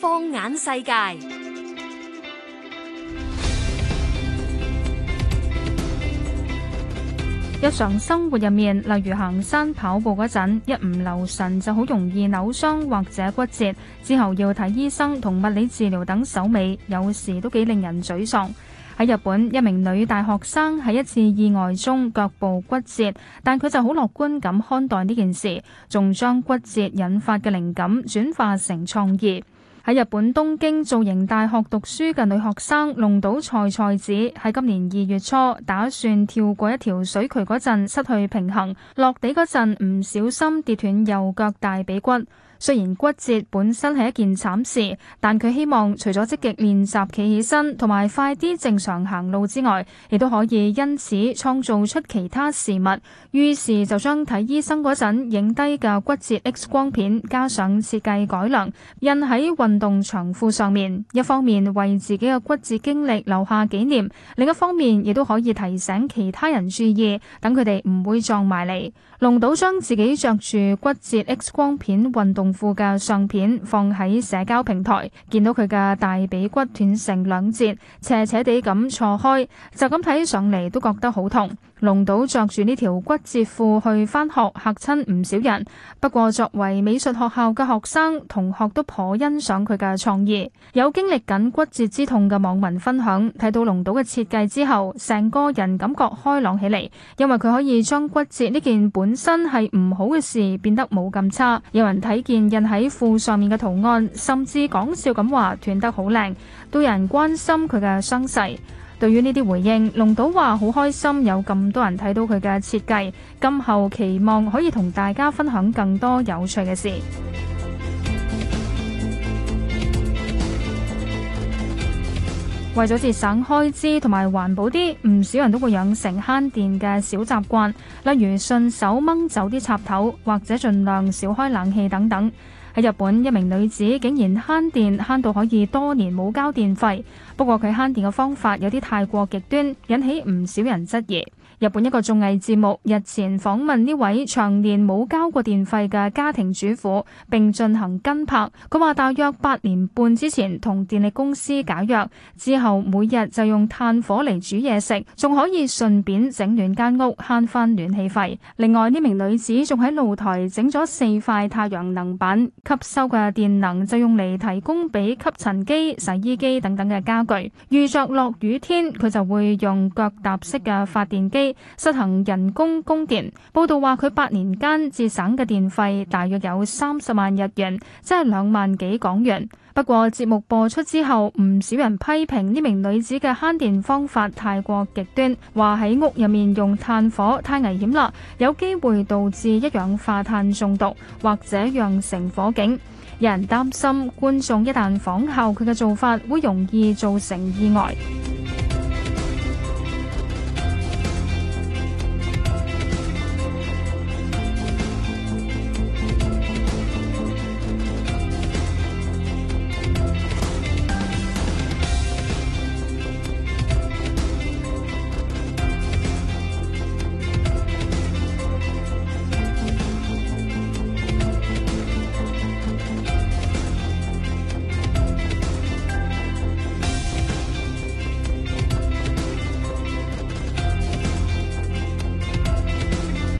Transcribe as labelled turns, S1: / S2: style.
S1: 放眼世界，日常生活入面，例如行山、跑步嗰陣，一唔留神就好容易扭傷或者骨折，之後要睇醫生同物理治療等，手尾有時都幾令人沮喪。喺日本，一名女大學生喺一次意外中腳部骨折，但佢就好樂觀咁看待呢件事，仲將骨折引發嘅靈感轉化成創意。喺日本東京造型大學讀書嘅女學生龍島菜菜子，喺今年二月初打算跳過一條水渠嗰陣失去平衡，落地嗰陣唔小心跌斷右腳大髀骨。雖然骨折本身係一件慘事，但佢希望除咗積極練習企起身同埋快啲正常行路之外，亦都可以因此創造出其他事物。於是就將睇醫生嗰陣影低嘅骨折 X 光片加上設計改良，印喺運動長褲上面。一方面為自己嘅骨折經歷留下紀念，另一方面亦都可以提醒其他人注意，等佢哋唔會撞埋嚟。龍島將自己着住骨折 X 光片運動副嘅相片放喺社交平台，見到佢嘅大髀骨斷成兩截，斜斜地咁錯開，就咁睇上嚟都覺得好痛。龍島着住呢條骨折褲去返學，吓親唔少人。不過作為美術學校嘅學生，同學都頗欣賞佢嘅創意。有經歷緊骨折之痛嘅網民分享，睇到龍島嘅設計之後，成個人感覺開朗起嚟，因為佢可以將骨折呢件本身係唔好嘅事變得冇咁差。有人睇見。印喺褲上面嘅圖案，甚至講笑咁話斷得好靚，都有人關心佢嘅傷勢。對於呢啲回應，龍島話好開心有咁多人睇到佢嘅設計，今後期望可以同大家分享更多有趣嘅事。為咗節省開支同埋環保啲，唔少人都會養成慳電嘅小習慣，例如順手掹走啲插頭，或者盡量少開冷氣等等。喺日本，一名女子竟然慳電慳到可以多年冇交電費，不過佢慳電嘅方法有啲太過極端，引起唔少人質疑。日本一個綜藝節目日前訪問呢位長年冇交過電費嘅家庭主婦，並進行跟拍。佢話大約八年半之前同電力公司解約，之後每日就用炭火嚟煮嘢食，仲可以順便整暖間屋慳翻暖氣費。另外，呢名女子仲喺露台整咗四塊太陽能板。吸收嘅電能就用嚟提供俾吸塵機、洗衣機等等嘅家具。遇着落雨天，佢就會用腳踏式嘅發電機實行人工供電。報道話佢八年間節省嘅電費大約有三十萬日元，即係兩萬幾港元。不過節目播出之後，唔少人批評呢名女子嘅慳電方法太過極端，話喺屋入面，用炭火太危險啦，有機會導致一氧化碳中毒，或者釀成火警。有人擔心觀眾一旦仿效佢嘅做法，會容易造成意外。